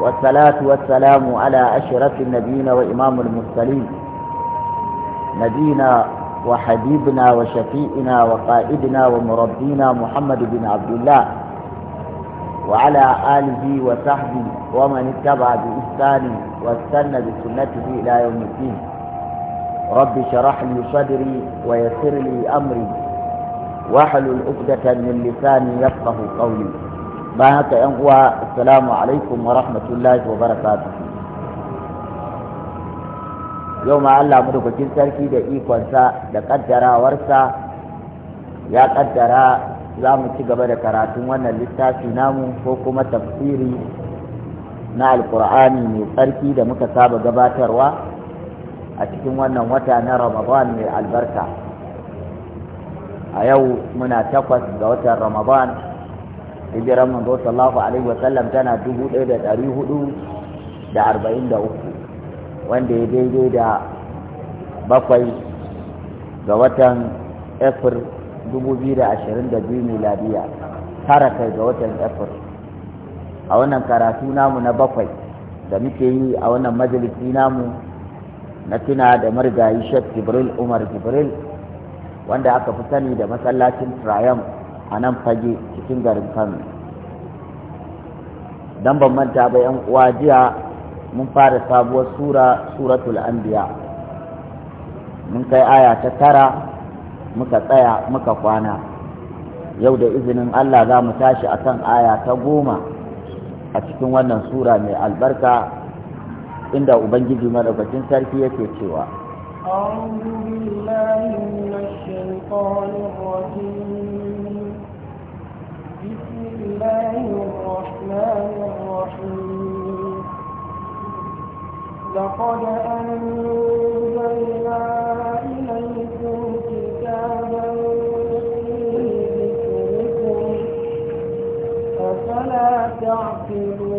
والصلاة والسلام على أشرف النبيين وإمام المرسلين نبينا وحبيبنا وشفيئنا وقائدنا ومربينا محمد بن عبد الله وعلى آله وصحبه ومن اتبع بإحسان واستنى بسنته إلى يوم الدين رب شرح لي صدري ويسر لي أمري واحلل عقدة من لساني يفقه قولي bayan haka yan uwa assalamu alaikum wa rahmatullahi wa barakatuh yau ma Allah madaukakin sarki da ikonsa da kaddarawarsa ya kaddara za mu ci gaba da karatun wannan littafi namu ko kuma tafsiri na alkur'ani mai tsarki da muka saba gabatarwa a cikin wannan wata na ramadan mai albarka a yau muna takwas ga watan ramadan hijiran manzo sallallahu alaihi wasallam tana dubu ɗaya da ɗari da arba'in da uku wanda ya daidai da bakwai ga watan efir dubu biyu da ashirin da biyu miladiya tara kai ga watan efir a wannan karatu namu na bakwai da muke yi a wannan majalisi namu na tuna da marigayi shek jibril umar jibril wanda aka fi sani da masallacin triumph a nan fage cikin garin kano don ban manta ba yan uwa jiya mun fara sabuwar sura suratul anbiya mun kai aya ta tara muka tsaya muka kwana yau da izinin allah za mu tashi a kan aya ta goma a cikin wannan sura mai albarka inda ubangiji madaukakin sarki yake cewa أعوذ بالله من الشيطان الرجيم بسم الله الرحمن الرحيم لقد أنزلنا إليكم كتابا فيه ذكركم أفلا تعقلون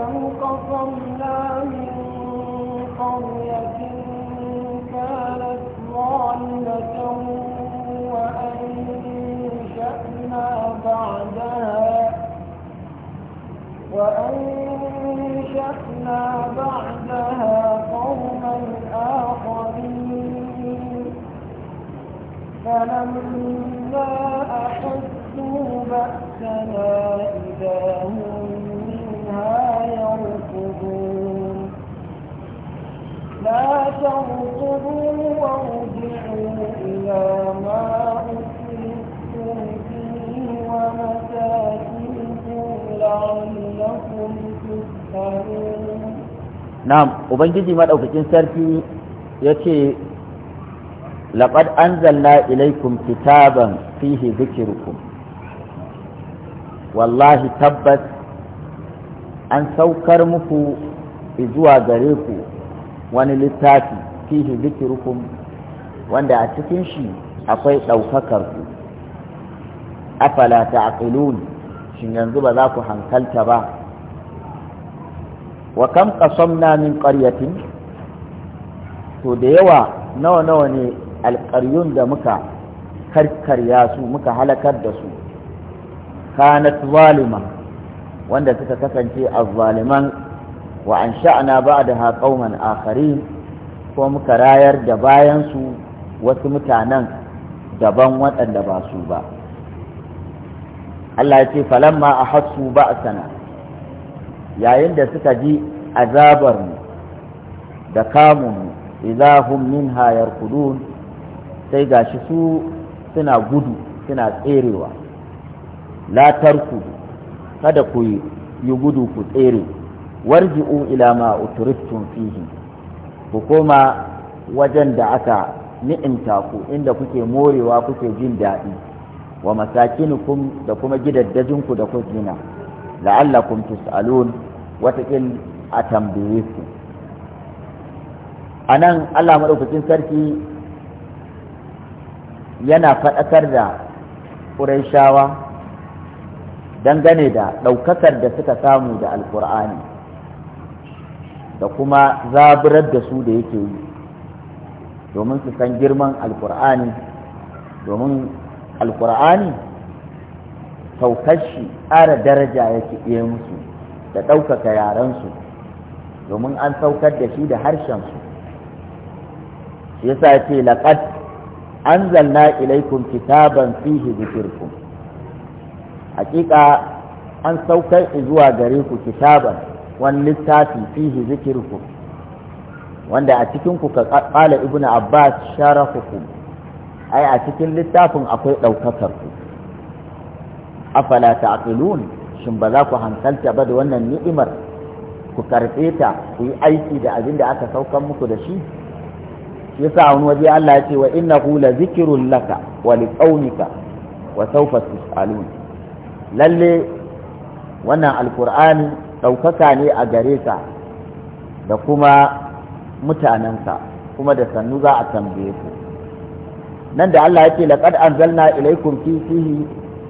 ولو قصمنا من قرية كانت ظالمة وأنشأنا بعدها وأنشأنا بعدها قوما آخرين فلما أحسوا بأسنا إذا هم منها Na ta Ubangiji, maɗaukakin Sarki, ya ce, 'Lakwar anzala' na Akwai fihi fitabar zikirku. Wallahi, tabbas! an saukar muku zuwa gare ku wani littafi fihi zikirukum wanda a cikin shi akwai ɗaukakar ku afala ta'qilun shin yanzu ba za ku hankalta ba wa kam qasamna min qaryatin to da yawa nawa nawa ne alƙaryun da muka karkarya su muka halakar da su kanat zalima wanda suka kasance azzaliman wa an sha'ana ba'daha qauman akharin ko muka rayar da bayan su wasu mutanen daban waɗanda ba su ba Allah ya ce falamma ahassu ba'sana yayin da suka ji azabar da kamun idza hum minha yarkudun sai gashi su suna gudu suna tserewa la tarkudu kada ku yi gudu ku tsere warji'u ila ma uturistun fihi ku koma wajen da aka ni'imta ku inda kuke morewa kuke jin daɗi wa masakinukum da kuma gidaddajinku da kuzina la'allakum tus'alun wataƙil a tambaye ku a nan allah maɗaukakin sarki yana faɗakar da ƙurayshawa dangane da ɗaukakar da suka samu da alkur'ani da kuma zaburar da su da yake yi domin su san girman alkur'ani domin alkur'ani saukar shi ƙara daraja ya iya musu da ɗaukaka yarensu domin an saukar da shi da harshensu shi yasa ce an anzalna Ilaikum kitaban fihi dhikrukum hakika an saukar zuwa gare ku kitaban wani littafi fihi zikirku wanda a cikin ku ka kala ibnu abbas sharafukum ai a cikin littafin akwai daukakar ku afala ta'qilun shin ba za ku hankalta ba da wannan ni'imar ku karbe ta ku yi aiki da abin da aka saukar muku da shi shi yasa wani waje Allah ya ce in na la zikrun laka wa liqaumika wa sawfa tus'alun lalle wannan alkur'ani ɗaukaka ne a gare ka da kuma mutanensa kuma da sannu za a tambaye ku nan da Allah yake laqad anzalna ilaykum fi fihi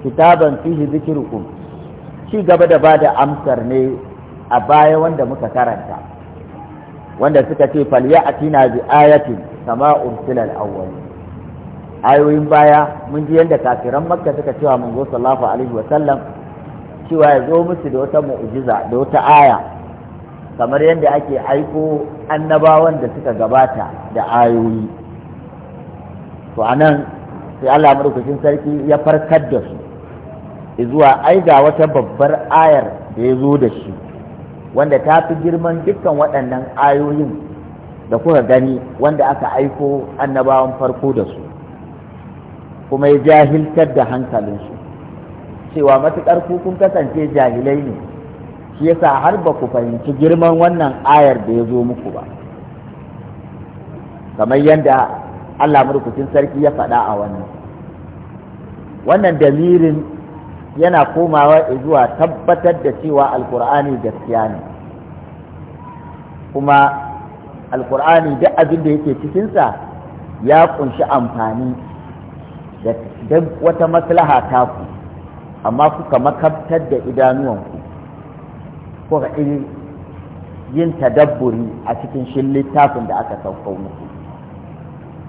kitaban fihi dhikrukum ci gaba da bada amsar ne a baya wanda muka karanta wanda suka ce falya atina bi ayatin kama ursila al-awwal ayoyin baya mun ji yadda kafiran makka suka cewa mun zo sallallahu alaihi wa sallam cewa ya zo musu da wata mu'jiza da wata aya kamar yadda ake aiko annabawan da suka gabata da ayoyi to anan sai Allah madaukakin sarki ya farkar da su zuwa ai ga wata babbar ayar da ya zo da shi wanda ta fi girman dukkan waɗannan ayoyin da kuka gani wanda aka aiko annabawan farko da su kuma ya jahiltar da hankalin hankalinsu cewa matuƙar ku kun kasance jahilai ne shi yasa har ba ku fahimci girman wannan ayar da ya zo muku ba kamar yadda Allah murkucin sarki ya faɗa a wannan wannan damirin yana komawa zuwa tabbatar da cewa alkur'ani gaskiya ne kuma alkur'ani duk abin da yake cikinsa ya kunshi amfani da wata maslaha ta ku amma kuka makabtar da idanuwanku kuka yin tadabburi a cikin shin littafin da aka sauko muku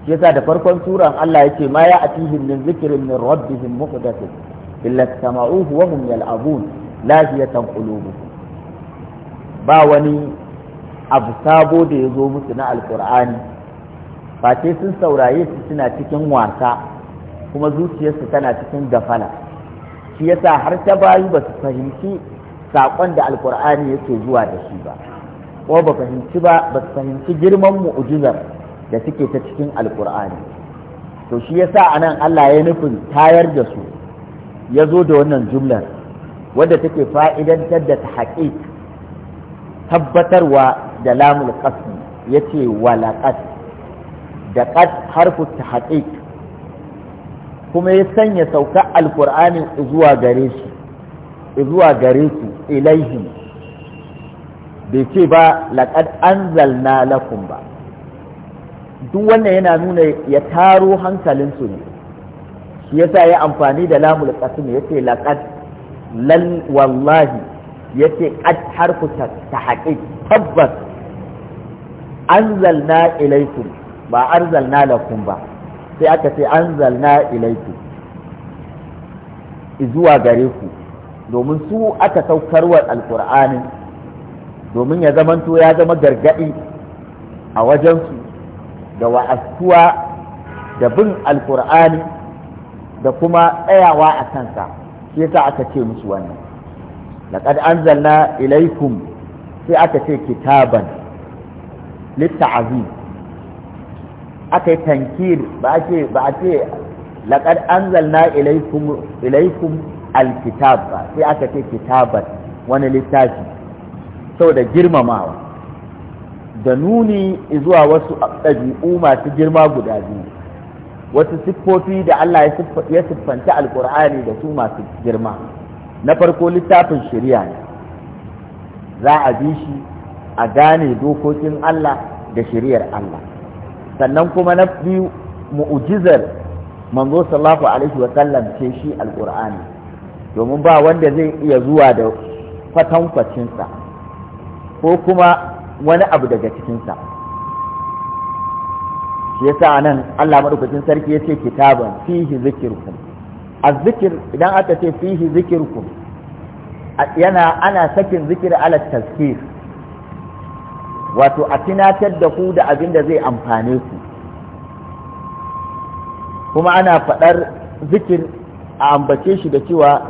yasa da farkon turan, Allah yake ma ya atihim min zikrin min rabbihim muhdathin illa sama'uhu wa hum yal'abun lahiyatan qulubuhum ba wani abu sabo da ya zo musu na alqur'ani sai sun saurayi su suna cikin wasa kuma zuciyarsu tana cikin gafala shi yasa har ta bayu ba su fahimci saƙon da alkur'ani yake zuwa da shi ba ko ba fahimci ba ba su fahimci girman mu'ujizar da suke ta cikin alkur'ani to shi yasa anan Allah ya nufin tayar da su ya zo da wannan jumlar wadda take fa'idantar da tahqiq tabbatarwa da lamul qasmi yace wala da qad harfu tahqiq kuma ya sanya sauka alkur'ani zuwa gare shi zuwa gare su ilaihi bai ce ba laƙad anzalna lakum ba duk wannan yana nuna ya taro hankalinsu ne shi yasa ya amfani da lamul qasim yace laƙad, "Lan wallahi yace qad harfu tahqiq tabbas anzalna ilaikum ba arzalna lakum ba sai aka ce anzalna ilaiku zuwa gare ku domin su aka saukarwar alkur'ani domin ya zamanto ya zama gargaɗi a wajensu da wa'astuwa da bin alkur'ani da kuma tsayawa a kansa shi yasa aka ce musu wannan laqad anzalna ilaikum sai aka ce kitaban litta'azim aka yi tankir ba a ce ba a ce laqad anzalna ilaykum ilaykum alkitab ba sai aka ce kitaban wani littafi da girmamawa da nuni zuwa wasu ɗabi'u masu girma guda biyu wasu siffofi da Allah ya siffanta alkur'ani da su masu girma na farko littafin shari'a ne za a bi shi a gane dokokin Allah da shari'ar Allah sannan kuma na biyu mu'ujizar manzo sallallahu alaihi wa sallam ce shi alqur'ani domin ba wanda zai iya zuwa da kwatankwacinsa ko kuma wani abu daga cikinsa shi yasa nan Allah madaukakin sarki ya ce kitaban fihi zikirkum azzikir idan aka ce fihi zikirkum yana ana sakin zikir ala tazkir wato a tunatar da ku da abin da zai amfane ku kuma ana faɗar zikir a ambace shi da cewa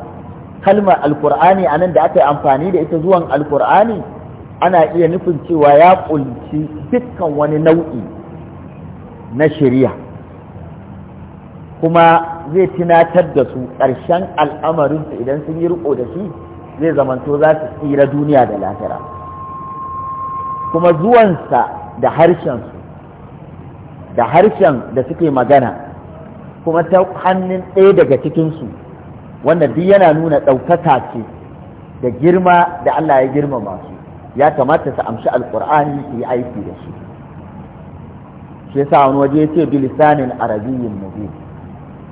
kalmar alkur'ani a nan da aka yi amfani da ita zuwan alkur'ani ana iya nufin cewa ya ƙunci dukkan wani nau'i na shari'a kuma zai tunatar da su ƙarshen al'amarinsu idan sun yi riko da shi zai zamanto za su tsira duniya da lahira. kuma zuwansa da da harshen da suke magana kuma ta hannun ɗaya daga cikinsu wanda duk yana nuna ɗaukaka ce da girma da Allah ya girmama su ya kamata su amshi alkur'ani su yi aiki da shi shi yasa wani waje ya ce bilisanin arabiyyin mubin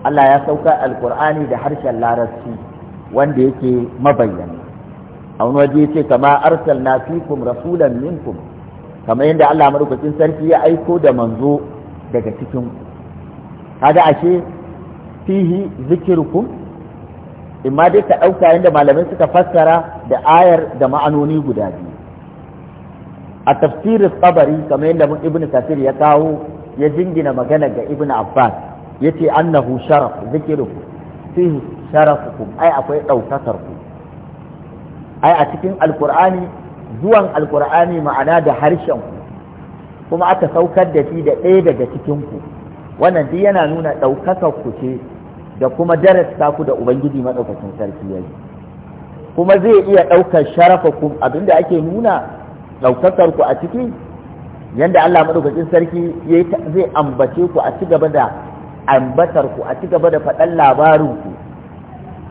Allah ya sauka alkur'ani da harshen larabci wanda yake mabayyana a wani waje ya ce kama arsalna fikum rasulan minkum kamar yadda Allah madaukakin sarki ya aiko da manzo daga cikin kaga ashe fihi zikirkum imma dai ka ɗauka yadda malamai suka fassara da ayar da ma'anoni guda biyu a tafsirin tsabari kamar yadda mun ibnu kasir ya kawo ya jingina magana ga ibn abbas ya ce annahu sharaf zikirkum fihi sharafukum ai akwai ɗaukakar ku ai a cikin alkur'ani zuwan alkur'ani ma'ana da harshen kuma aka saukar da shi da ɗaya daga cikinku wannan duk yana nuna ɗaukaka ku ce da kuma darasta ku da ubangiji maɗaukacin sarki ya yi kuma zai iya ɗaukar sharafa ku abinda ake nuna ɗaukakar ku a ciki Yadda Allah maɗaukacin sarki zai ambace ku a ci gaba da ambatar ku a ci gaba da faɗan labarin ku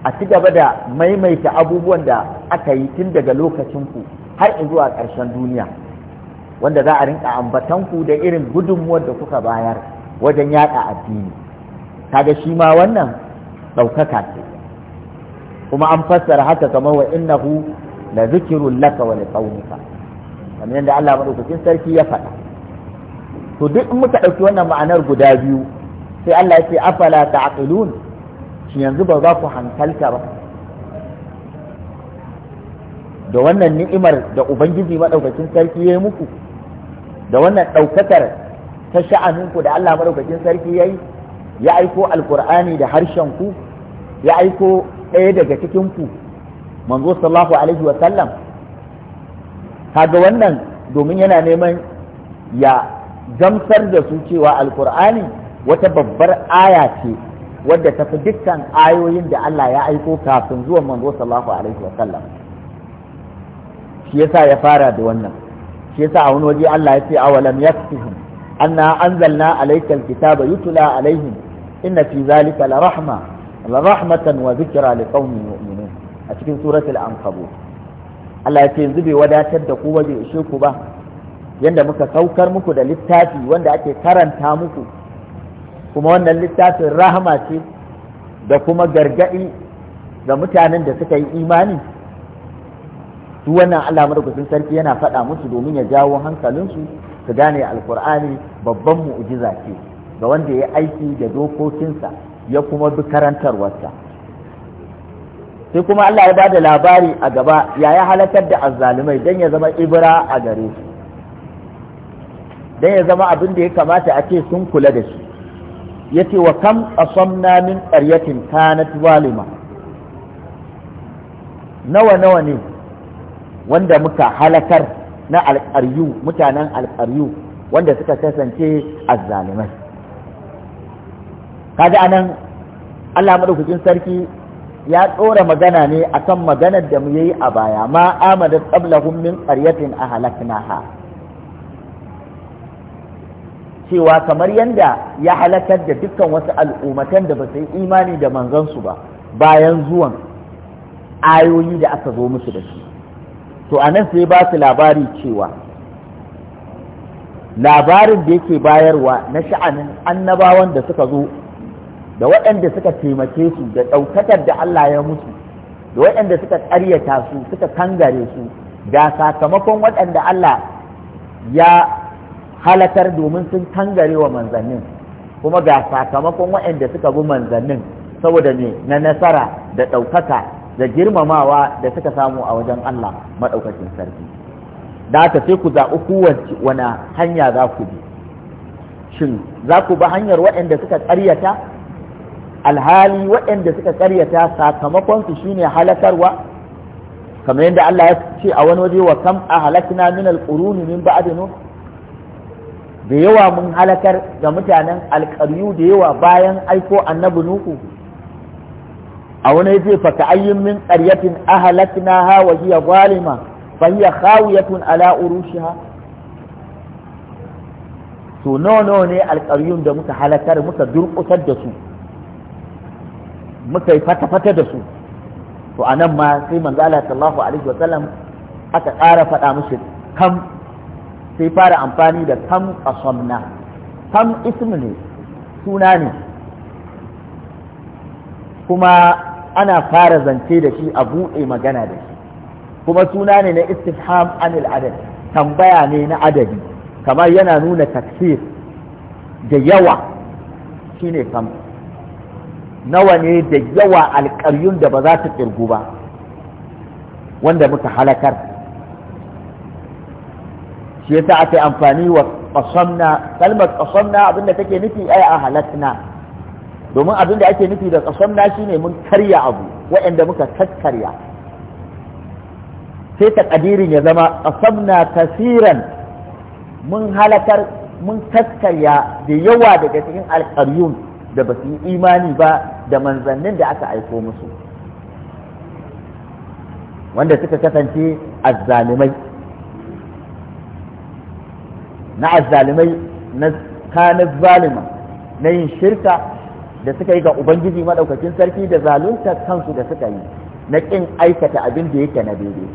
a ci gaba da maimaita abubuwan da aka yi tun daga lokacin ku har in zuwa ƙarshen duniya wanda za a rinka ambatanku da irin gudunmuwar da kuka bayar wajen yaɗa addini kaga shi ma wannan ɗaukaka ce kuma an fassara haka kamar wa innahu la zikirun laka wa liqaumika kamar yadda Allah madaukakin sarki ya faɗa to duk in muka ɗauki wannan ma'anar guda biyu sai Allah ya ce afala ta'qilun shi yanzu ba za ku hankalta ba da wannan ni'imar da ubangiji maɗaukakin sarki ya yi muku da wannan ɗaukakar ta sha'aninku da Allah maɗaukakin sarki ya yi ya aiko alkur'ani da harshen ku ya aiko ɗaya daga cikin ku manzo sallallahu alaihi wa sallam kaga wannan domin yana neman ya gamsar da su cewa alkur'ani wata babbar aya ce wadda tafi dukkan ayoyin da Allah ya aiko kafin zuwan manzo sallallahu alaihi wa sallam shi yasa ya fara da wannan shi yasa a wani waje Allah ya ce awalam yakfihim anna anzalna alayka alkitaba yutla alaihim inna fi zalika la rahma la rahmatan wa dhikra liqaumin yu'minun a cikin suratul ankabut Allah ya ce yanzu bai wadatar da ku bai ishe ku ba yanda muka saukar muku da littafi wanda ake karanta muku kuma wannan littafin rahama ce da kuma gargaɗi ga mutanen da suka yi imani duk wannan Allah madaukakin sarki yana faɗa musu domin ya jawo hankalinsu su gane alkur'ani babban mu'ujiza ce ga wanda ya aiki da dokokinsa ya kuma bi karantarwarsa sai kuma Allah ya bada labari a gaba ya yi halakar da azzalumai don ya zama ibra a gare su don ya zama abin da ya kamata a ce sun kula da shi ya ce wa kam asamna min ƙaryatin kanat walima nawa nawa ne wanda muka halakar na alƙaryu mutanen alƙaryu wanda suka kasance azzalimai kaga anan Allah madaukakin sarki ya tsora magana ne akan maganar da mu yayi a baya ma amada qablahum min qaryatin ahlaknaha cewa kamar yadda ya halakar da dukkan wasu al'ummatan da ba su yi imani da manzansu ba bayan zuwan ayoyi da aka zo musu da shi to a nan sai ba su labari cewa labarin da yake bayarwa na sha'anin annabawan da suka zo da waɗanda suka taimake su da ɗaukakar da Allah ya mutu da waɗanda suka ƙaryata su suka kangare su da sakamakon waɗanda Allah ya halatar domin sun kangare wa manzannin kuma ga sakamakon waɗanda suka bi manzannin saboda ne na nasara da ɗaukaka da girmamawa da suka samu a wajen Allah maɗaukacin sarki da haka sai ku zaɓi kowace wani hanya za ku bi shin za ku bi hanyar waɗanda suka ƙaryata alhali waɗanda suka ƙaryata sakamakonsu shine halakarwa kamar yadda Allah ya ce a wani waje wa kam a halakna min alquruni min ba'di da yawa mun halakar ga mutanen alƙaryu da yawa bayan aiko annabi nuhu a wani yace fa ta'ayyun min qaryatin ahlaknaha wa gwalima zalima fa hiya khawiyatun ala urushiha to nawa nawa ne alƙaryun da muka halakar muka durƙusar da su muka yi fata-fata da su to a nan ma sai manzo Allah alaihi wa sallam aka ƙara faɗa mushi kam sai fara amfani da kam qasamna kam suna ne kuma ana fara zance da shi a buɗe magana da shi kuma suna ne na istifham anil adad tambaya ne na adadi kamar yana nuna taksir da yawa shine kam nawa ne da yawa alƙaryun da ba za ta ƙirgu ba wanda muka halakar shi yasa aka yi amfani wa qasamna kalmar qasamna abinda take nufi ai a halakna domin abin da ake nufi da kason na shine mun karya abu waɗanda muka kaskarya sai taƙadirin ya zama na kasiran mun halakar mun kaskarya da yawa daga cikin alƙaryun da ba su yi imani ba da manzannin da aka aiko musu wanda suka kasance azzalimai na azzalimai na kanar zalima na yin shirka da suka yi ga ubangiji maɗaukacin sarki da zalunta kansu da suka yi na ƙin aikata abin da yake na daidai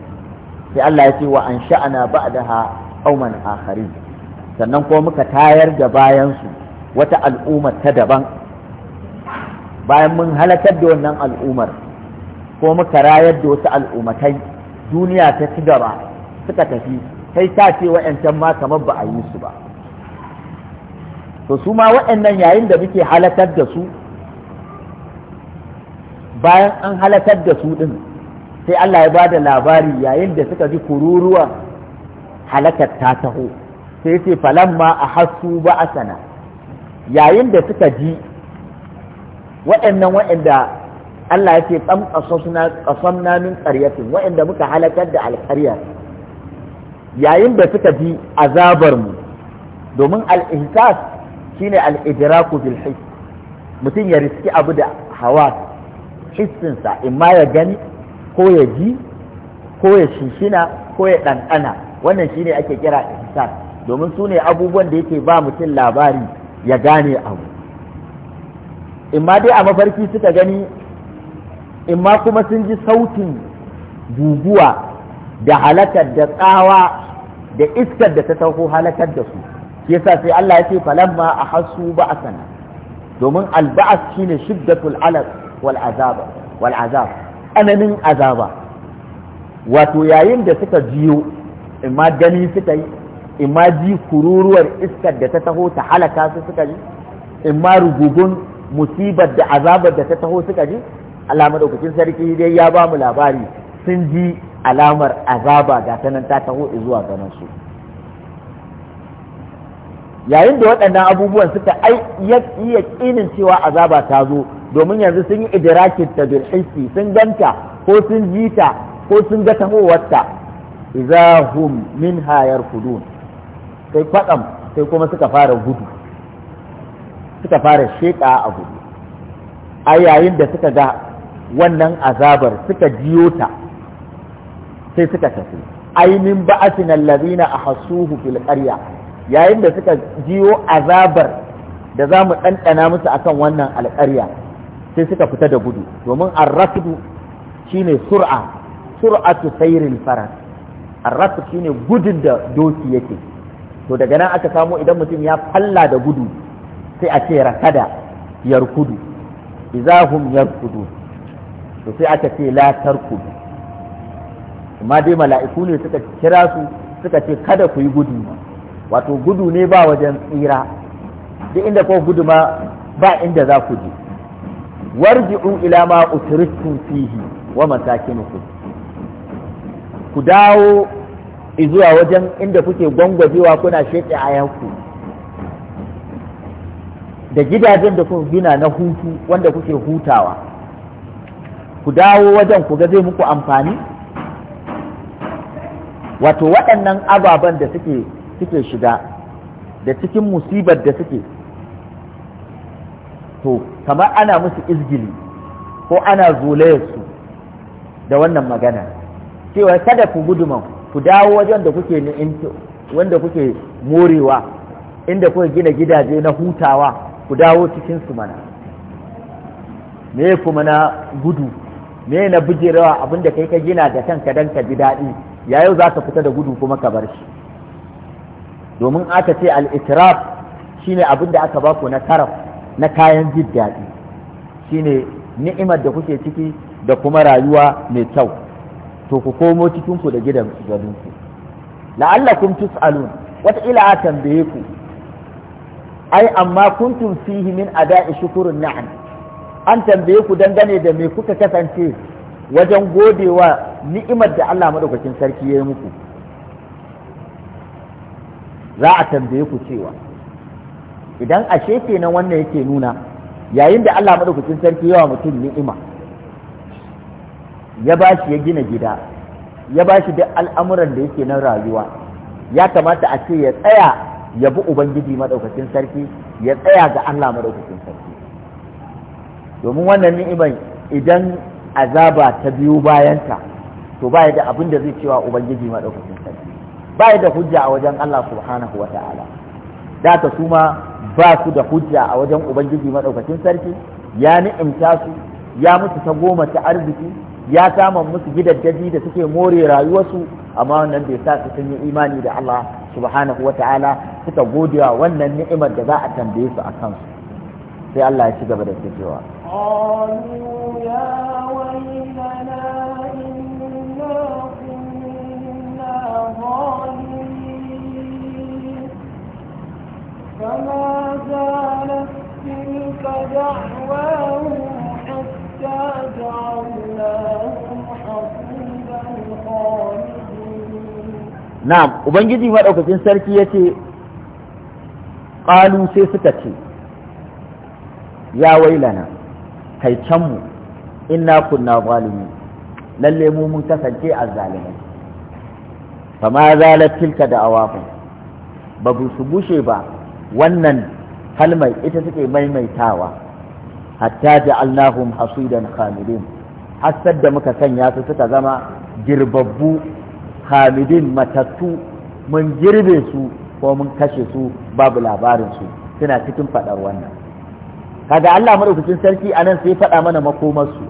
sai Allah ya ce wa an sha'ana ha auman akharin sannan ko muka tayar da bayansu wata al'umma ta daban bayan mun halakar da wannan al'ummar ko muka rayar da wasu al'ummatai duniya ta ci gaba suka tafi sai ta ce wa'yancan ma kamar ba a yi su ba to su ma waɗannan yayin da muke halatar da su bayan an halatar da su ɗin sai Allah ya ba da labari yayin da suka ji kururuwa halakar ta taho sai ce falamma a hasu ba asana yayin da suka ji waɗannan waɗanda Allah ya ce tsam ƙasamna min ƙaryatin waɗanda muka halakar da alƙarya yayin da suka ji azabarmu domin al'ihsas shine al-idraku bil hiss mutum ya riski abu da hawa hissinsa imma ya gani ko ya ji ko ya shishina ko ya ɗanɗana wannan shine ake kira ihsan domin su ne abubuwan da yake ba mutum labari ya gane abu imma dai a mafarki suka gani imma kuma sun ji sautin guguwa da halakar da tsawa da iskar da ta sauko halakar da su yasa sai Allah ya ce falamma ahassu ba'sana domin alba'as shine shiddatul alaq wal azaba wal azab ananin azaba wato yayin da suka jiyo ma gani suka yi ma ji kururuwar iskar da ta taho ta halaka su suka ji ma rugugun musibar da azabar da ta taho suka ji Allah madaukakin sarki dai ya ba mu labari sun ji alamar azaba ga ta nan ta taho zuwa ganin su yayin da waɗannan abubuwan suka iya ƙinin cewa azaba ta zo domin yanzu sun yi idrakin ta bil sun ganta ko sun jita ko sun ga tahowarta idza hum hayar yarkudun sai kwaɗam sai kuma suka fara gudu suka fara sheƙa a gudu a yayin da suka ga wannan azabar suka jiyo ta sai suka tafi ainihin min ba'atin allazina ahasuhu fil qarya yayin da suka jiwo azabar da za mu ɗanɗana musu a kan wannan alƙarya sai suka fita da gudu domin shi ne sur'a sur'atu sairin faras shi ne gudun da doki yake to daga nan aka samo idan mutum ya falla da gudu sai a ce rakada yarkudu izahum yarkudu to sai aka ce la tarkudu amma dai mala'iku ne suka kira su suka ce kada ku yi gudu wato gudu ne ba wajen tsira duk inda ko gudu ma ba inda za ku je warji'u ila ma utristum fihi wa masakinukum ku dawo zuwa wajen inda kuke gwangwajewa kuna sheke yanku, da gidajen da kuka gina na hutu wanda kuke hutawa ku dawo wajen ku ga zai muku amfani wato waɗannan ababen da suke suke shiga da cikin musibar da suke to kamar ana musu izgili ko ana su da wannan magana cewa kada ku guduman ku dawo wajen da kuke wanda kuke morewa inda kuka gina gidaje na hutawa ku dawo cikin su mana me kuma na gudu me na bijirawa abinda kai ka gina da kanka dan ka ji daɗi yayo za ka fita da gudu kuma ka bar shi domin aka ce al-itraf shine abin da aka baku na taraf na kayan jin daɗi ne ni'imar da kuke ciki da kuma rayuwa mai kyau to ku komo cikinku da gidan gabinku la'allakum tus'alun wata a tambaye ku ai amma kuntum fihi min ada'i shukurun na'am an tambaye ku dangane da me kuka kasance wajen godewa ni'imar da Allah madaukakin sarki ya yi muku za a tambaye ku cewa idan ashe kenan wannan yake nuna yayin da Allah madaukakin sarki yawa mutum ni'ima ya ba shi ya gina gida ya ba shi duk al'amuran da yake na rayuwa ya kamata a ce ya tsaya ya bi ubangiji madaukakin sarki ya tsaya ga Allah madaukakin sarki domin wannan ni'iman idan azaba ta biyu bayanta to ba da abin da zai cewa ubangiji madaukakin sarki ba da hujja a wajen Allah subhanahu wa ta'ala da su ma ba su da hujja a wajen ubangiji maɗaukacin sarki ya ni'imta su ya musu ta goma ta arziki ya kama musu gidaddaji da suke more rayuwarsu amma wannan bai sa su sun yi imani da Allah subhanahu wa ta'ala suka gode wa wannan ni'imar da za a tambaye su a kansu sai Allah ya ci gaba da cewa قالوا يا ويلنا إنا فما Na’am, Ubangiji maɗaukacin sarki ya ce, ƙalu sai suka ce, ya wailana, kai canmu, na kunna zalimi, lalle mu mun kasance a zalimai. fa ma zalat tilka da'awahum ba su bushe ba wannan kalmar ita suke maimaitawa hatta ja'alnahum hasidan khamidin hasad da muka sanya su suka zama girbabbu khamidin matattu mun girbe su ko mun kashe su babu labarin su suna cikin fadar wannan kaga Allah madaukakin sarki a nan sai faɗa mana makomarsu.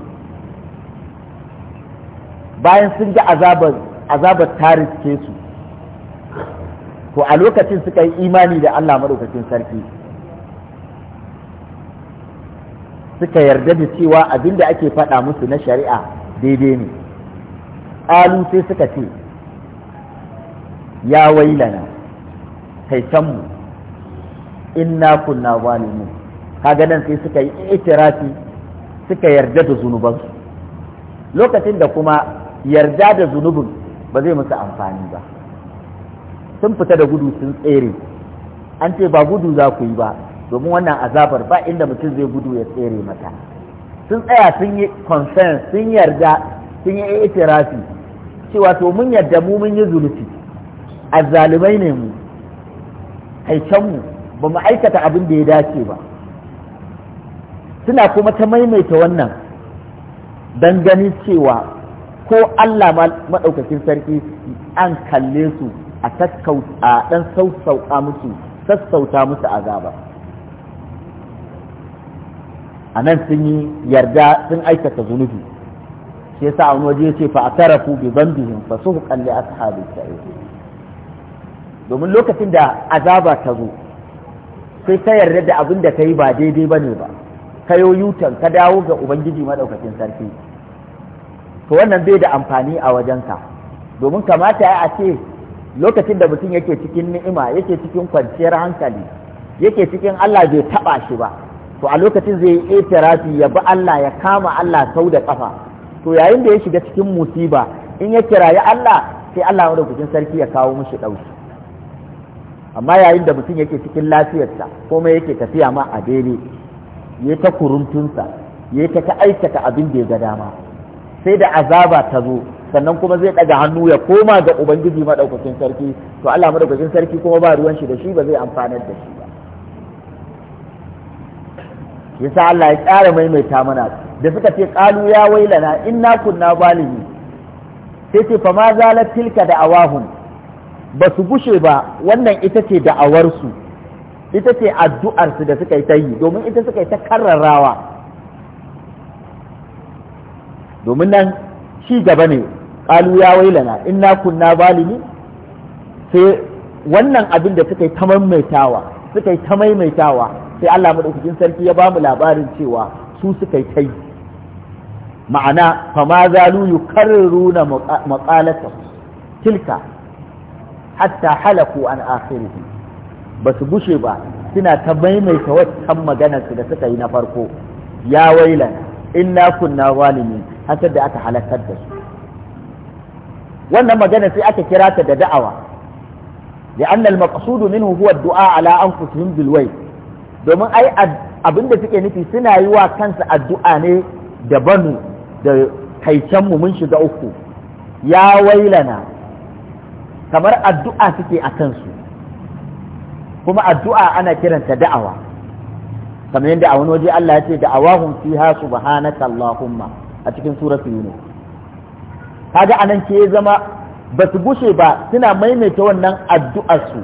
bayan sun ji azabar azabar ta riske su to a lokacin suka yi imani da Allah maɗaukakin sarki suka yarda da cewa abin da ake faɗa musu na shari'a daidai ne ƙalu sai suka ce ya wailana kaitanmu inna kunna walimu kaga nan sai suka yi itirafi suka yarda da zunubansu lokacin da kuma yarda da zunubin ba zai musu amfani ba sun fita da gudu sun tsere an ce ba gudu za ku yi ba domin wannan azabar ba inda mutum zai gudu ya tsere mata sun tsaya sun yi consent sun yarda sun yi itirafi cewa to mun yarda mu mun yi zulufi azzalumai ne mu haicanmu ba mu aikata abin da ya dace ba suna kuma ta maimaita wannan don ganin cewa ko Allah maɗaukakin sarki an kalle su a ɗan sassauta musu sassauta musu azaba a nan sun yi yarda sun aikata zunubi shi yasa wani waje yace fa atarafu bi dhanbihim fa suhqan li ashabi sa'ir domin lokacin da azaba ta zo sai ta yarda da abin da ta yi ba daidai bane ba kayo yutan ka dawo ga ubangiji madaukakin sarki to wannan bai da amfani a wajenka domin kamata ya ce lokacin da mutum yake cikin ni'ima yake cikin kwanciyar hankali yake cikin Allah bai taba shi ba to a lokacin zai yi itirafi ya bi Allah ya kama Allah sau da ƙafa to yayin da ya shiga cikin musiba in ya kirayi Allah sai Allah madaukakin sarki ya kawo mishi ɗauki amma yayin da mutum yake cikin lafiyarsa komai yake tafiya ma a daidai ya ta kuruntunsa ya ta aikata abin da ya ga dama sai da azaba ta zo sannan kuma zai ɗaga hannu ya koma ga ubangiji maɗaukakin sarki to Allah maɗaukakin sarki kuma ba ruwan shi da shi ba zai amfana da shi ba yasa Allah ya ƙara maimaita mana da suka ce ƙalu ya wailana inna kunna balimi sai ce fa ma zalat tilka da awahun ba su gushe ba wannan ita ce da'awarsu ita ce addu'arsu da suka yi ta yi domin ita suka yi ta karrarawa domin nan shi gaba ne ƙalu ya wailana na kunna balimi sai wannan abin da suka yi ta maimaitawa suka yi ta maimaitawa sai Allah madaukakin sarki ya ba mu labarin cewa su suka yi ta yi ma'ana fama zalu na maqalata tilka hatta halaku an akhirihi ba su gushe ba suna ta maimaita waccan maganar su da suka yi na farko ya in na kunna balimi. har da aka halartar da su wannan magana sai aka kira ta da da'awa da annal maqsudu minhu huwa du'a ala anfusihim bil bilwai. domin ai abin da suke nufi suna yi wa kansa addu'a ne da banu da kaicen mu mun shiga uku ya wailana kamar addu'a suke a kansu kuma addu'a ana kiranta da'awa kamar yadda a wani waje Allah ya ce da'awahum fiha subhanaka allahumma a cikin suratul yunus kaga anan ce ya zama ba su gushe ba suna maimaita wannan addu'ar su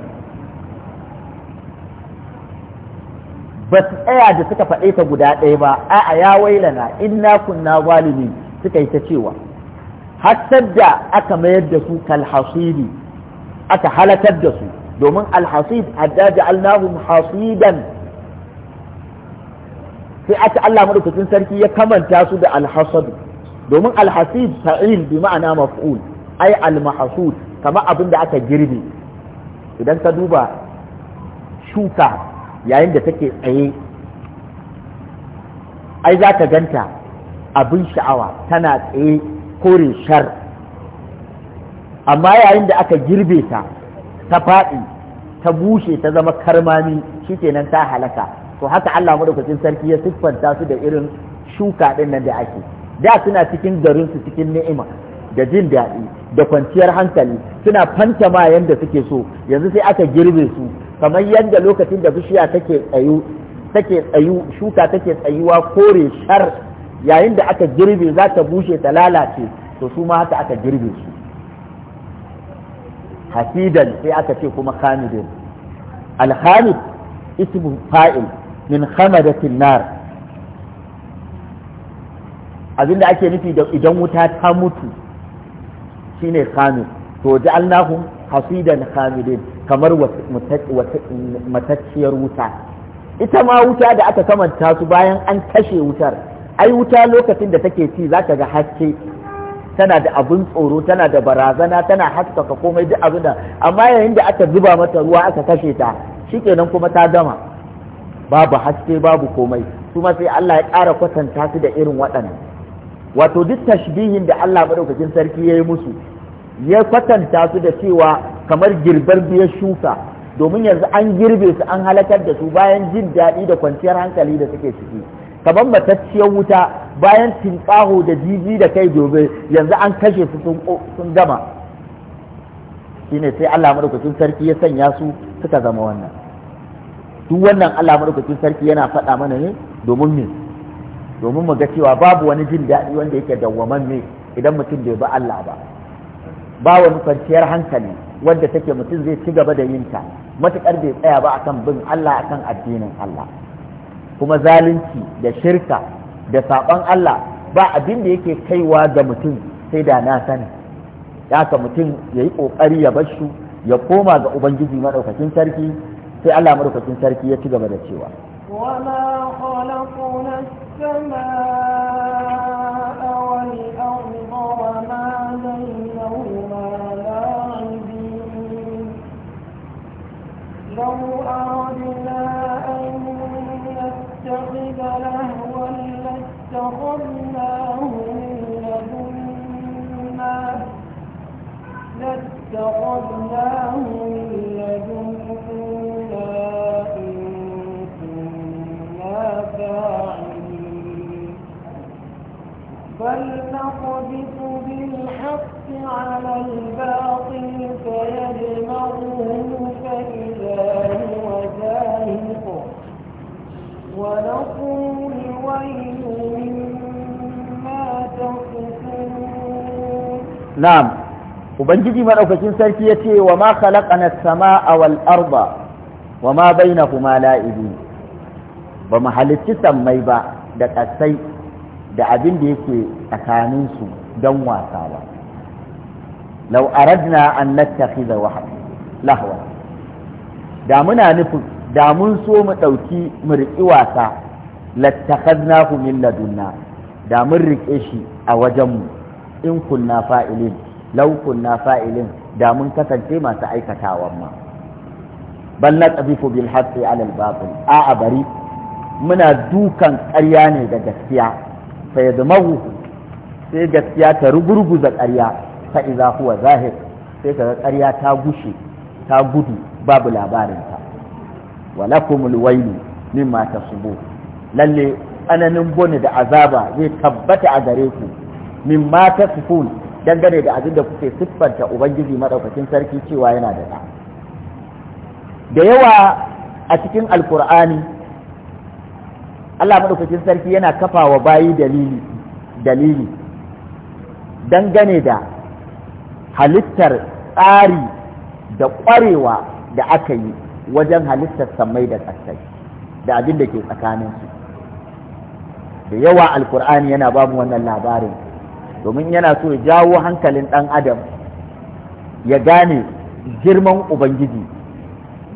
ba su tsaya da suka faɗe ta guda ɗaya ba a'a ya wailana inna kunna zalimi suka yi ta cewa hattar da aka mayar da su kalhasiri aka halakar da su domin alhasid hadda ja'alnahum hasidan sai aka Allah madaukakin sarki ya kamanta su da alhasad domin alhasid fa'il bi ma'ana maf'ul ai almahsud kama abin da aka girbe idan ka duba shuka yayin da take tsaye ai za ka ganta abin sha'awa tana tsaye kore shar amma yayin da aka girbe ta ta faɗi ta bushe ta zama karmami shikenan ta halaka to haka Allah madaukakin sarki ya siffanta su da irin shuka din nan da ake da suna cikin garin su cikin ni'ima da jin daɗi da kwanciyar hankali suna fanta ma yanda suke so yanzu sai aka girbe su kamar yadda lokacin da bishiya take tsayu take tsayu shuka take tsayuwa kore shar yayin da aka girbe za ta bushe ta lalace to su ma haka aka girbe su hasidan sai aka ce kuma khamidin al ismu fa'il min khamadatin nar abinda ake nufi da idan wuta ta mutu shine khamid to ja'alnahum hasidan khamidin kamar matacciyar wuta ita ma wuta da aka kamanta su bayan an kashe wutar ai wuta lokacin da take ci za ta ga haske tana da abin tsoro tana da barazana tana haskaka komai duk abin da amma yayin da aka zuba mata ruwa aka kashe ta shikenan kuma ta gama babu haske babu komai su sai Allah ya ƙara kwatanta su da irin waɗannan wato duk tashbihin da Allah madaukakin sarki ya yi musu ya kwatanta su da cewa kamar girbar biyar shuka domin yanzu an girbe su an halakar da su bayan jin daɗi da kwanciyar hankali da suke ciki kamar matacciyar wuta bayan tinƙaho da jiji da kai dobe yanzu an kashe su sun gama shine sai Allah madaukakin sarki ya sanya su suka zama wannan duk wannan Allah madaukakin sarki yana faɗa mana ne domin me domin mu ga cewa babu wani jin daɗi wanda yake dawwaman ne idan mutum bai bi Allah ba ba wani kwanciyar hankali wanda take mutum zai ci gaba da yin ta matukar bai tsaya ba akan bin Allah akan addinin Allah kuma zalunci da shirka da sabon Allah ba abin da yake kaiwa ga mutum sai da na sani ya mutum ya yi ƙoƙari ya bar shi ya koma ga ubangiji maɗaukakin sarki sai Allah madaukakin sarki ya ci gaba da cewa na'am ubangiji madaukakin sarki ya ce wa ma khalaqana as-samaa wal arda wa ma bainahuma La'ibi ba mu halicci sammai ba da ƙasai da abin da yake tsakaninsu don wasa ba lau aradna an nattakhidha lahwa da muna nufin da mun so mu ɗauki mu riki wasa lattakhadnahu min ladunna da mun riƙe shi a wajenmu in kunna fa'ilin lau kunna fa'ilin da mun kasance masu aikatawan ma bal naqdifu bil haqqi ala batil a bari muna dukan ƙarya ne da gaskiya fa yadmahu sai gaskiya ta rugurguza ƙarya fa idza huwa zahir sai kaga ƙarya ta gushe ta gudu babu labarinta walakumul wailu mimma tasubun lalle tsananin bone da azaba zai tabbata a gare ku min ma tasifun dangane da abin da kuke siffanta ubangiji madaukakin sarki cewa yana da da da yawa a cikin alkur'ani Allah madaukakin sarki yana kafa wa bayi dalili dalili dangane da halittar tsari da ƙwarewa da aka yi wajen halittar sammai da ƙasai da abin da ke tsakaninsu da yawa alkur'ani yana ba mu wannan labarin domin yana so ya jawo hankalin ɗan adam ya gane girman ubangiji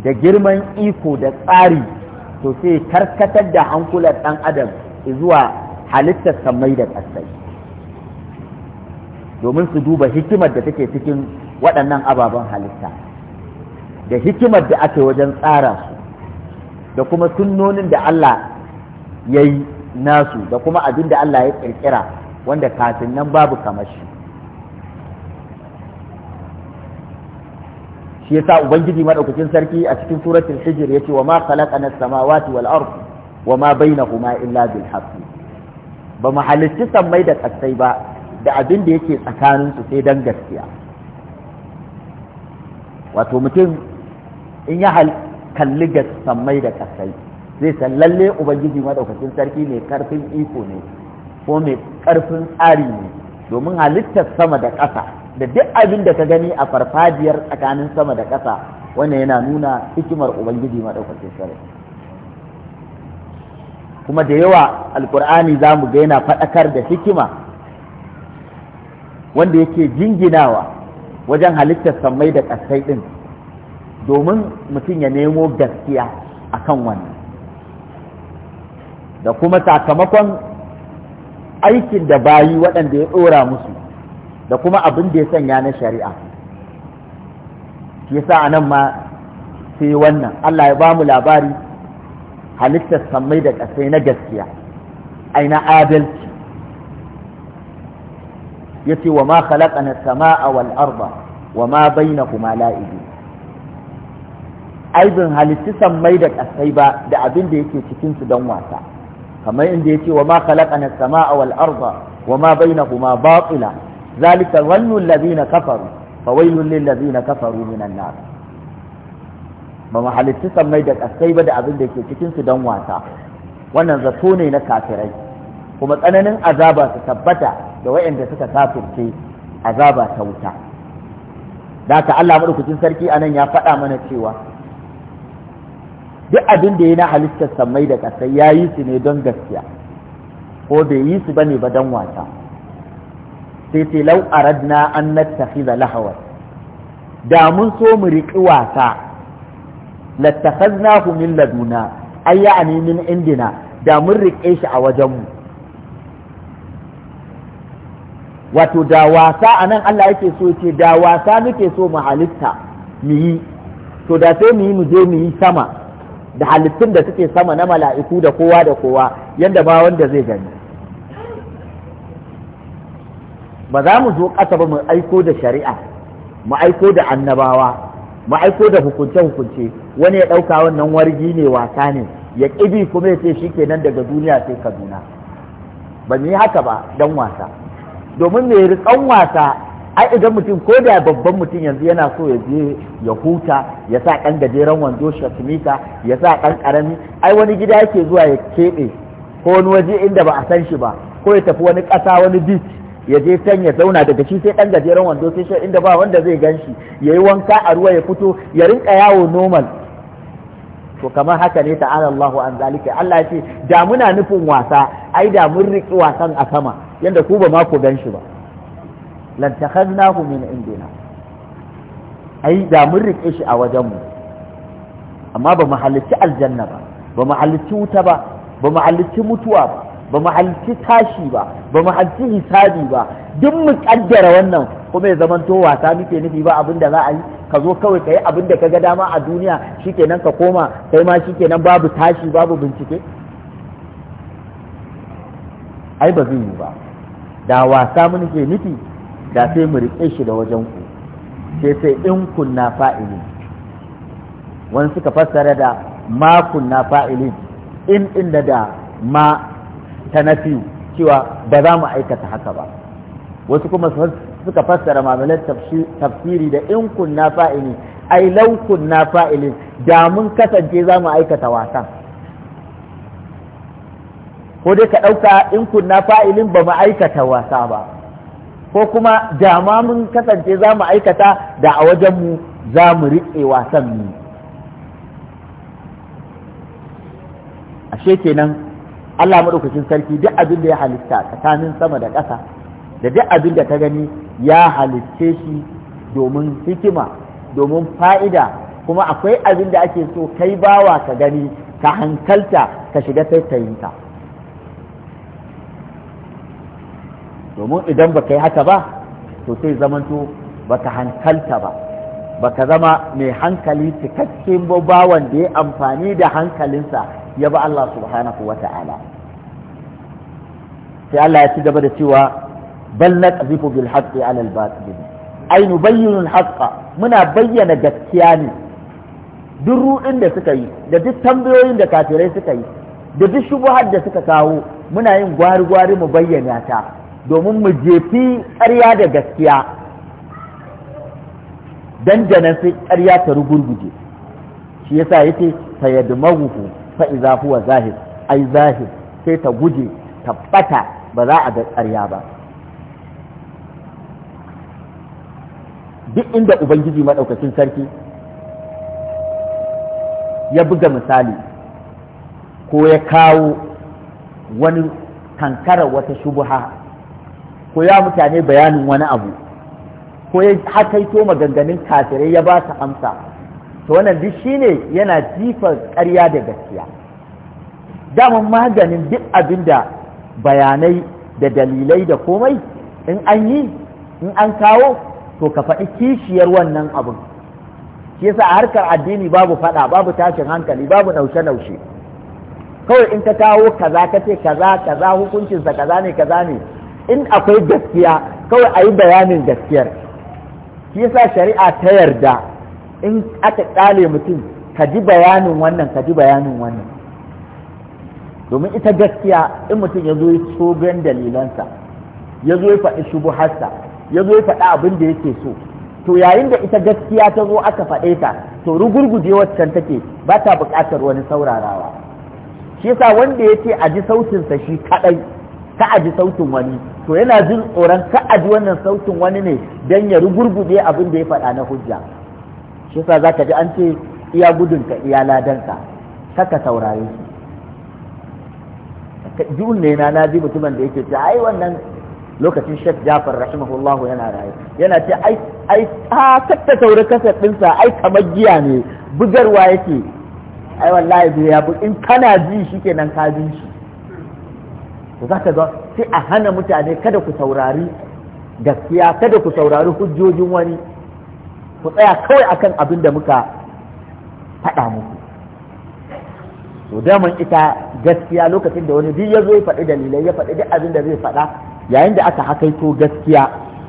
da girman iko da tsari to sai karkatar da hankular ɗan adam zuwa halittar samai da ƙasai domin su duba hikimar da take cikin waɗannan ababen halitta da hikimar da aka wajen tsara su da kuma sunnonin da Allah ya yi nasu da kuma abin da Allah ya ƙirƙira wanda kafin nan babu kamar shi shi yasa ubangiji madaukakin sarki a cikin suratul ya ce wa ma khalaqana as-samawati wal ard wa ma bainahuma illa bil haqq ba mu halitti sammai da kasai ba da abin da yake tsakanin su sai dan gaskiya wato mutum in ya kalli ga sammai da kasai zai san lalle ubangiji madaukakin sarki ne karfin iko ne ko mai ƙarfin tsari ne domin halittar sama da ƙasa da duk abin da ka gani a farfajiyar tsakanin sama da ƙasa wannan yana nuna hikimar ubangiji maɗaukacin sarai kuma da yawa alkur'ani za mu ga yana faɗakar da hikima wanda yake jinginawa wajen halittar sammai da ƙasai ɗin domin mutum ya nemo gaskiya a kan wannan da kuma sakamakon aikin da bayi waɗanda ya ɗora musu da kuma abin da ya sanya na shari'a shi sa a nan ma sai wannan Allah ya ba mu labari halittar sammai da ƙasai na gaskiya ina na adalci ce, wa ma na samaa wal arda wa ma kuma la'ibi ai bin halitti sammai da ƙasai ba da abin da yake cikin su don wasa kamar inda yace wa ma khalaqana samaa wal arda wa ma bainahuma batila zalika dhannu alladhina kafaru fawailul lil ladhina kafaru minan nar ba mu halitta sammai da kasai ba da abin da ke cikin su dan wasa wannan zato ne na kafirai kuma tsananin azaba su tabbata da wayanda suka kafirce azaba ta wuta da ka Allah madaukakin sarki anan ya faɗa mana cewa duk abin da ya na halittar samai da ƙasai ya yi su ne don gaskiya ko bai yi su bane ba don wasa sai ce lau radna an da lahawar da mun so mu riƙi wasa ku min laduna ay min indina da mun riƙe shi a wajenmu wato da wasa nan Allah yake so ce da wasa muke so mu halitta mu yi to da sai mu yi mu je mu yi sama da halittun da suke sama na mala'iku da kowa da kowa yadda ba wanda zai gani ba za mu zo ƙasa ba mu aiko da shari'a mu aiko da annabawa mu aiko da hukunce-hukunce wani ya ɗauka wannan wargi ne wasa ne ya ƙibi kuma ya ce shi kenan daga duniya sai kaduna ba mu yi haka ba don wasa domin mai riƙon wasa ai idan mutum ko da babban mutum yanzu yana so ya je ya huta ya sa ɗan gajeren wando shatimita ya sa ɗan ƙarami ai wani gida yake zuwa ya keɓe ko wani waje inda ba a san shi ba ko ya tafi wani ƙasa wani beach ya je can ya zauna daga shi sai ɗan gajeren wando sai shi inda ba wanda zai gan shi ya yi wanka a ruwa ya fito ya rinka yawo normal to kamar haka ne ta'ala Allahu an zalika Allah ya ce da muna nufin wasa ai da mun riƙi wasan a sama yanda ku ba ma ku gan shi ba lantakhaznahu min indina ai da mun rike shi a wajen mu amma ba mu halicci aljanna ba ba mu halicci wuta ba ba mu halicci mutuwa ba ba mu halicci tashi ba ba mu halicci hisabi ba duk mu kaddara wannan kuma ya zamanto wasa muke nufi ba abin da za a yi ka zo kawai ka yi abin da ka ga dama a duniya shikenan ka koma kai ma shikenan babu tashi babu bincike ai ba zai yi ba da wasa muke nufi da sai mu riƙe shi da wajen ku sai sai in kunna fa'ilin wani suka fassara da ma kunna fa'ilin in inda da ma ta nafiyu cewa ba za mu aikata haka ba wasu kuma suka fassara mamalar tafsiri da in kunna fa'ilin ai lau kunna fa'ilin da mun kasance za mu aikata wasan ko dai ka ɗauka in kunna fa'ilin ba mu aikata wasa ba ko kuma da ma mun kasance za mu aikata da a wajenmu za mu riƙe wasan mu ashe kenan Allah maɗaukacin sarki duk abin da ya halitta tsakanin sama da ƙasa da duk abin da ka gani ya halitce shi domin hikima domin fa'ida kuma akwai abin da ake so kai bawa ka gani ka hankalta ka shiga tattayinta. domin idan baka yi haka ba to sai zamanto baka hankalta ba baka zama mai hankali cikakken bawan da ya amfani da hankalinsa ya ba Allah subhanahu wa ta'ala sai Allah ya ci gaba da cewa bal naqzifu bil haqqi ala al batil ay nubayyinu al muna bayyana gaskiya ne duk ruɗin da suka yi da duk tambayoyin da kafirai suka yi da duk shubuhar da suka kawo muna yin gwari-gwari mu bayyana ta domin mu jefi ƙarya da gaskiya dan janan sai ƙarya ta rugurguje shi yasa yace fayadmahu fa idza huwa zahir ai zahir sai ta guje tabbata ba za a ga ƙarya ba duk inda ubangiji maɗaukacin sarki ya buga misali ko ya kawo wani kankara wata shubuha ko ya mutane bayanin wani abu ko ya hakaito maganganun kafirai ya ba ta amsa to wannan duk shine yana jifa ƙarya da gaskiya daman maganin duk abin da bayanai da dalilai da komai in an yi in an kawo to ka faɗi kishiyar wannan abin shi yasa a harkar addini babu faɗa babu tashin hankali babu naushe-naushe kawai in ka kawo kaza ka ce kaza kaza hukuncinsa kaza ne kaza ne in akwai gaskiya kawai a yi bayanin gaskiyar shi yasa shari'a ta yarda in aka ƙale mutum ka ji bayanin wannan ka ji bayanin wannan domin ita gaskiya in mutum ya zo ya tsogon dalilansa ya zo ya faɗi shubuharsa ya zo ya faɗi abin da yake so to yayin da ita gaskiya ta zo aka faɗe ta to rugurguje waccan take ba ta buƙatar wani saurarawa shi yasa wanda ya ce a ji sautinsa shi kaɗai ta a ji sautin wani to yana jin tsoron ka'ad wannan sautin wani ne don ya rugurgube abin da ya faɗa na hujja shi sa za ka ji an ce iya gudun ka iya ladanka kaka saurare shi jiun ne na naji mutumin da yake ce ai wannan lokacin shek Jafar rahimahullahu yana raye yana ce ai ta kaka saurare kasar ai kamar giya ne bugarwa yake ai wallahi ya ya in kana ji shi kenan ka ji shi to za ka zo sai a hana mutane kada ku saurari gaskiya kada ku saurari hujjojin wani ku tsaya kawai akan abin da muka faɗa muku to daman ita gaskiya lokacin da wani duk ya zo ya faɗi dalilai ya faɗi duk abin da zai faɗa yayin da aka to gaskiya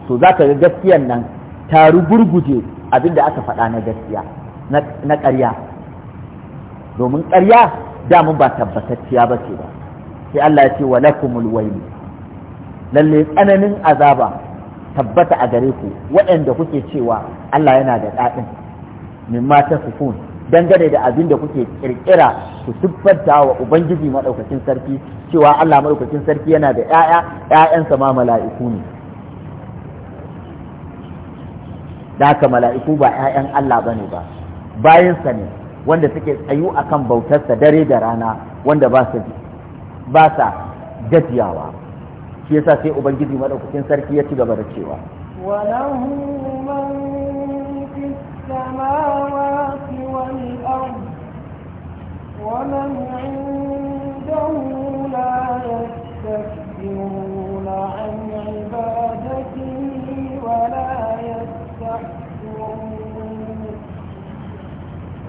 to za ka ga gaskiyan nan ta rugurguje abin da aka faɗa na gaskiya na ƙarya domin ƙarya damun ba tabbatacciya ba ce ba sai Allah ya ce wa lakumul wailu lalle tsananin azaba tabbata a gare ku waɗanda kuke cewa Allah yana da ɗaɗin min mata sufun dangane da abin da kuke kirkira ku tabbata wa ubangiji madaukakin sarki cewa Allah madaukakin sarki yana da ƴaƴa ƴaƴansa ma mala'iku ne da mala'iku ba ƴaƴan Allah bane ba bayansa ne wanda suke tsayu akan bautarsa dare da rana wanda ba su ba sa gajiyawa shi yasa sai ubangiji madaukakin sarki ya ci gaba da cewa walahu man fis samawati wal ard wa man indahu la yastakbiruna an ibadatihi wa la yastahzirun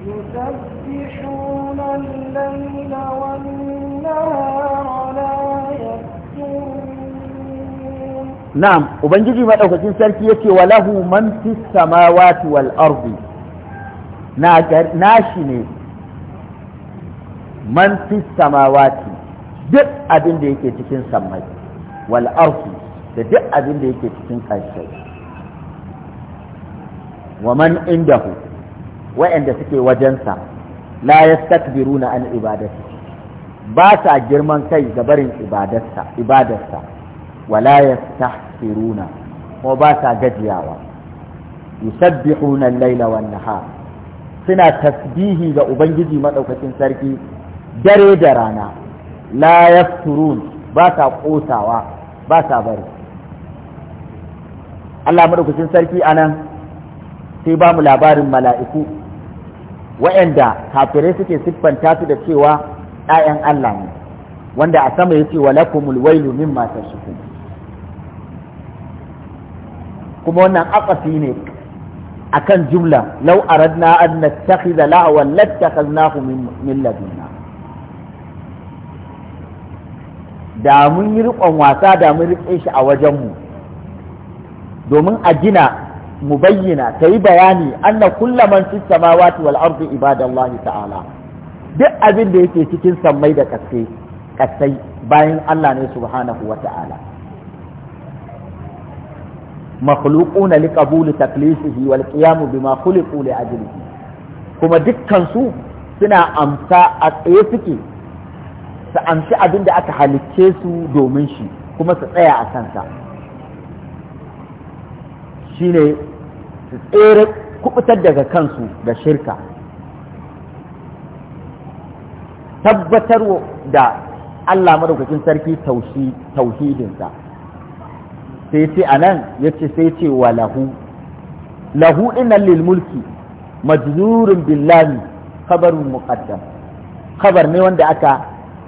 yusabbihuna al-layla wan-nahara na'am ubangiji madaukakin sarki yace wa lahu man fis samawati wal ardi na nashi ne man fis samawati duk abin da yake cikin sammai wal da duk abin yake cikin ƙarshe wa man indahu wa'anda suke wajensa la yastakbiruna girman kai ga barin ibadarsa wala yastahsiruna ko ba sa gajiyawa yusabbihuna al-laila wan nahar suna tasbihi ga ubangiji madaukakin sarki dare da rana la yafturun ba sa kosawa ba sa bari Allah madaukakin sarki anan sai ba mu labarin mala'iku waɗanda kafirai suke siffanta su da cewa ‘ya'yan Allah ne wanda a sama ya ce wa wailu mimma tashrikun kuma wannan akasi ne akan jumla law aradna an nattakhidha la'wan lattakhadnahu min ladunna da mun yi riƙon wasa da mun riƙe shi a wajenmu domin a gina mu bayyana ta yi bayani anna kullaman fi samawati wal ardi ibadallahi ta'ala duk abin da yake cikin sammai da kasai bayan Allah ne subhanahu wa ta'ala makhluquna liqabuli taklifihi wal qiyamu bima khuliqu li ajlihi kuma dukkan su suna amsa a tsaye suke su amshi abin da aka halicce su domin shi kuma su tsaya a kansa shine su tsere kubutar daga kansu da shirka tabbatar da Allah madaukakin sarki tauhidinsa sai ce a nan ya ce sai ce wa lahu lahu ɗinan lil mulki billahi billami khabarun muqaddam khabar ne wanda aka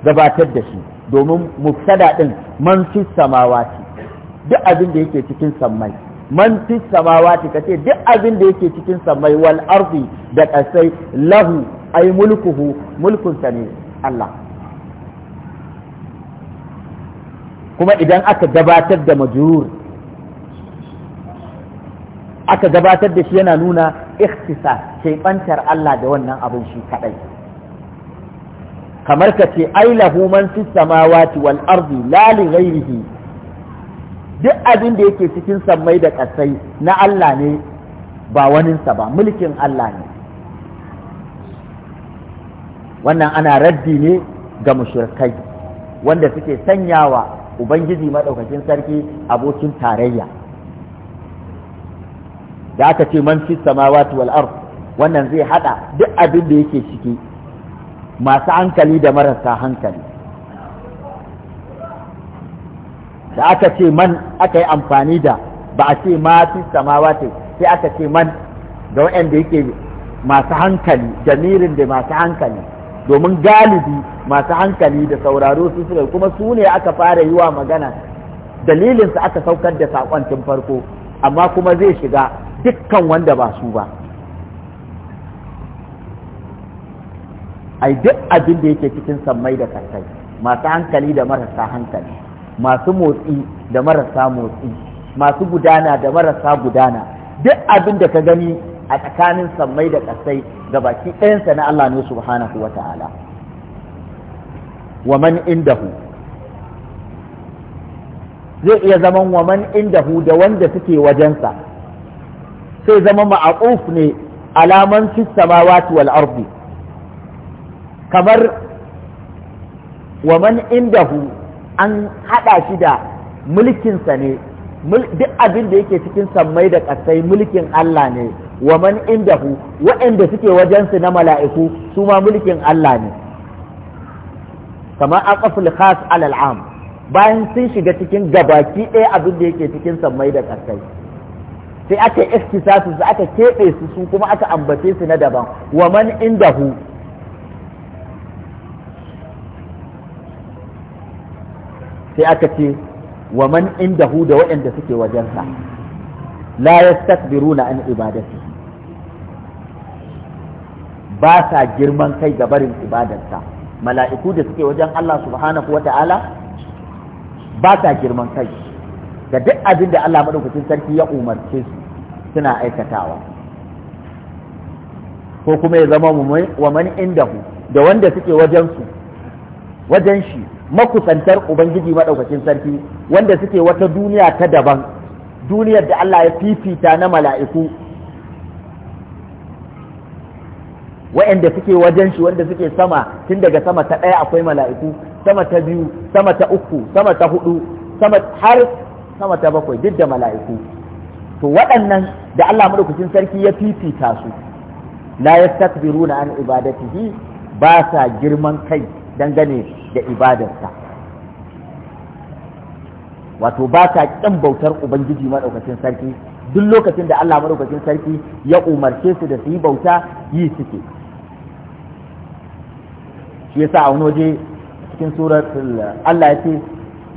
gabatar da shi domin mufsada ɗin man fi samawati duk abin da yake cikin samai, man fi samawati kace duk abin da yake cikin sammai wal ardi da kasai lahu ay mulkuhu mulkun ne Allah kuma idan aka gabatar da majrur aka gabatar da shi yana nuna ikhtisa shaibantar Allah da wannan abin shi kadai kamar ka ce ai lahu man fis samawati wal ardi la li ghairihi duk abin da yake cikin sammai da kasai na Allah ne ba waninsa ba mulkin Allah ne wannan ana raddi ne ga mushrikai wanda suke sanyawa ubangiji madaukakin sarki abokin tarayya da aka ce man fi samawati wal ard wannan zai hada duk abin da yake ciki masu hankali da marasa hankali da aka ce man aka yi amfani da ba a ce ma fi samawati sai aka ce man ga waɗanda yake masu hankali jamirin da masu hankali domin galibi masu hankali da sauraro su suka kuma su ne aka fara yi wa magana dalilin su aka saukar da sakon tun farko amma kuma zai shiga dukkan wanda ba su ba ai duk abin da yake cikin sammai da kasai masu hankali da marasa hankali masu motsi da marasa motsi masu gudana da marasa gudana duk abin da ka gani a tsakanin sammai da ƙasai ga baki ɗayansa na Allah ne subhanahu wa ta'ala wa indahu zai iya zaman wa indahu da wanda suke wajensa sai zama maaƙuf ne alaman fis samawati wal ardi kamar wa indahu an hada shi da mulkinsa ne duk abin da yake cikin sammai da ƙasai mulkin Allah ne wa man indahu waɗanda suke wajensu na mala'iku su ma mulkin Allah ne Kamar aqful khas alal am bayan sun shiga cikin gabaki ɗaya abin da yake cikin sammai da ƙarƙai, sai aka iftisasu su aka keɓe su su kuma aka ambace su na daban wa man indahu sai aka ce wa man indahu da waɗanda suke wajensa la yastakbiruna an ibadati ba sa girman kai ga barin ibadarsa mala'iku da suke wajen Allah subhanahu wa ta'ala ba sa girman kai da duk abin da Allah madaukakin sarki ya umarce su suna aikatawa ko kuma ya zama wa man indahu da wanda suke wajen su wajen shi makusantar ubangiji madaukakin sarki wanda suke wata duniya ta daban duniyar da Allah ya fifita na mala'iku wa'anda suke wajen shi wanda suke sama tun daga sama ta ɗaya akwai mala'iku sama ta biyu sama ta uku sama ta hudu sama har sama ta bakwai duk da mala'iku to waɗannan da Allah madaukakin sarki ya fifita su la yastakbiruna an ibadatihi ba sa girman kai dangane da ibadarsa wato ba sa kin bautar ubangiji madaukakin sarki duk lokacin da Allah madaukakin sarki ya umarce su da su yi bauta yi suke shi yasa a wani waje cikin surat Allah ya ce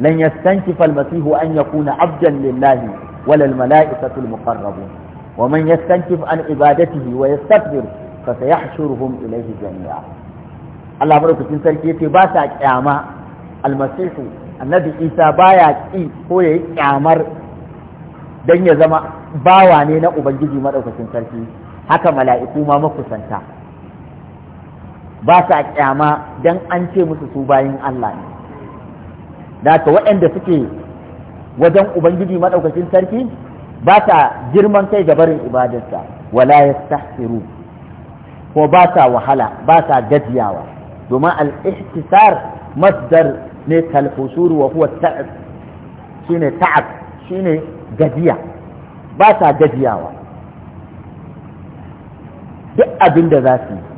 lan yastankifa almasihu an yakuna abdan lillahi wal malaikatu almuqarrabun wa man yastankif an ibadatihi wa yastakbir fa sayahshuruhum ilayhi jami'a Allah madaukakin sarki yace ba sa kyama almasihu annabi Isa baya ki ko yayi kyamar dan ya zama bawa ne na ubangiji madaukakin sarki haka mala'iku ma makusanta ba sa kyama don an ce musu su bayan Allah ne da ka waɗanda suke wajen ubangiji maɗaukacin sarki ba sa girman kai ga barin ibadarsa wala ya yastahsiru ko ba sa wahala ba sa gajiyawa domin al-ihtisar masdar ne talfusuru wa huwa ta'ab shine ta'ab shine gajiya ba sa gajiyawa duk abin da za su yi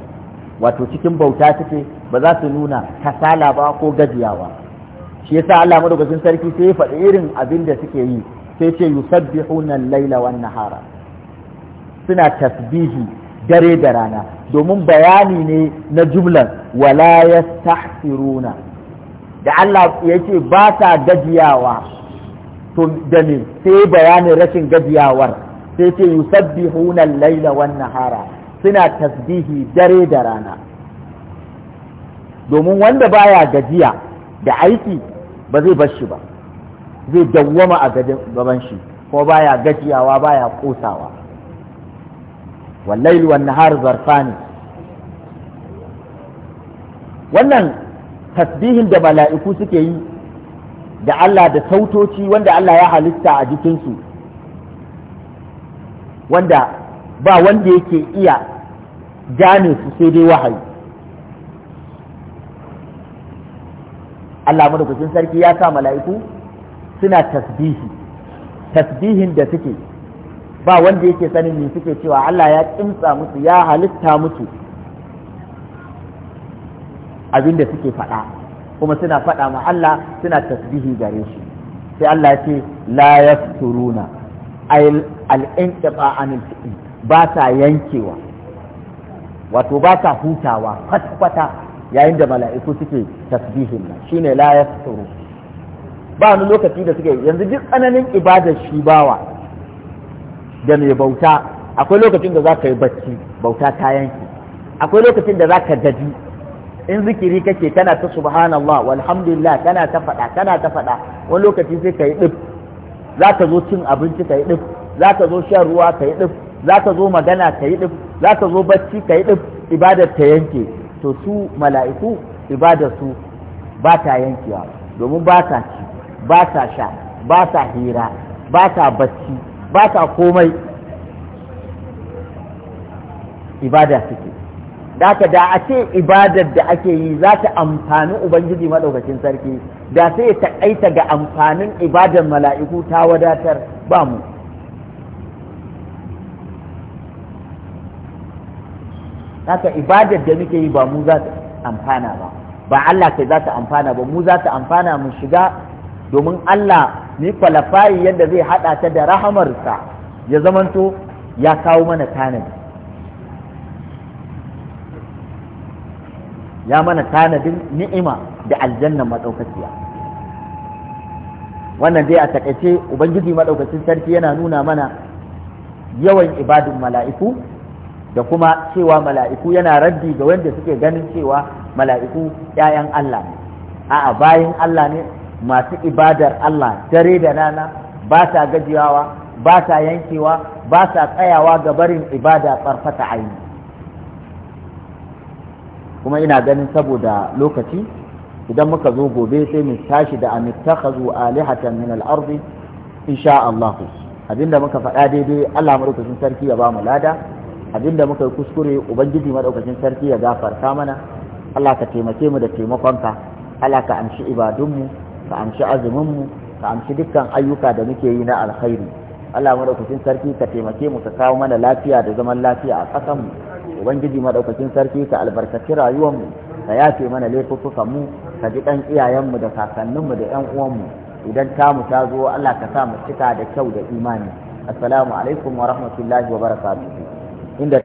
wato cikin bauta suke ba za su nuna kasala ba ko gajiyawa shi yasa Allah madaukakin sarki sai ya faɗi irin abin da suke yi sai ce yusabbihuna al-laila wan nahara suna tasbihi dare da rana domin bayani ne na jumlan wala yastahsiruna da Allah ya ce ba sa gajiyawa to da ne sai bayanin rashin gajiyawar sai ce yusabbihuna al-laila wan nahara suna tasbihi dare da rana domin wanda baya gajiya da aiki ba zai bar shi ba zai dawwama a gaban shi ko baya gajiyawa baya kosawa wallahi wan nahar zarfani wannan tasbihin da mala'iku suke yi da Allah da sautoci wanda Allah ya halitta a jikinsu wanda ba wanda yake iya gane su sai dai wahayi Allah madaukakin sarki ya sa mala'iku suna tasbihi tasbihin da suke ba wanda yake sanin me suke cewa Allah ya kimsa musu ya halitta musu abin da suke faɗa kuma suna faɗa ma Allah suna tasbihi gare shi sai Allah ya ce la yasturuna ay al-inqita anil ba sa yankewa wato ba sa hutawa kwata yayin da mala'iku suke tasbihin nan shine la yasturu ba wani lokaci da suke yanzu duk tsananin ibadar shi bawa da mai bauta akwai lokacin da za ka yi bacci bauta ta yanki akwai lokacin da za ka gaji in zikiri kake kana ta subhanallah walhamdulillah kana ta faɗa kana ta faɗa wani lokaci sai ka yi ɗif za ka zo cin abinci ka yi ɗif za ka zo shan ruwa ka yi ɗif za ka zo magana ka yi za ka zo bacci ka yi ɗin ibadar ta yanke to su mala'iku ibadar su ba ta yankewa domin ba ta ci ba ta sha ba ta hira ba ta bacci ba ta komai ibada suke da ka da a ce ibadar da ake yi za ta amfani ubangiji maɗaukacin sarki da sai ta ga amfanin ibadar mala'iku ta wadatar ba mu haka ibadar da muke yi ba mu za ta amfana ba ba Allah kai za ta amfana ba mu za ta amfana mu shiga domin Allah ni kwalafayi yadda zai haɗa ta da rahamarsa ya zamanto ya kawo mana tanadi ya mana tanadin ni'ima da aljannan maɗaukaciya wannan dai a takaice ubangiji maɗaukacin sarki yana nuna mana yawan ibadun mala'iku da kuma cewa mala'iku yana raddi ga wanda suke ganin cewa mala'iku ‘ya'yan Allah ne a'a bayan Allah ne masu ibadar Allah dare da rana ba sa gajiyawa ba sa yankewa ba sa tsayawa ga barin ibada tsarfata aini kuma ina ganin saboda lokaci idan muka zo gobe sai mu tashi da amittakhazu alihatan min al-ardi insha Allah abinda muka faɗa daidai Allah madaukakin sarki ya ba mu lada abinda muka yi kuskure ubangiji madaukakin sarki ya gafarta mana Allah ka taimake mu da taimakonka Allah ka amshi ibadunmu ka amshi azuminmu ka amshi dukkan ayyuka da muke yi na alkhairi Allah madaukakin sarki ka taimake mu ka kawo mana lafiya da zaman lafiya a ƙasan mu ubangiji madaukakin sarki ka albarkaci rayuwar mu ka yafe mana laifuffukan mu ka ji dan iyayen mu da kakannin mu da ƴan uwan mu idan mu ta zo Allah ka sa mu cika da kyau da imani assalamu alaikum wa rahmatullahi wa barakatuh that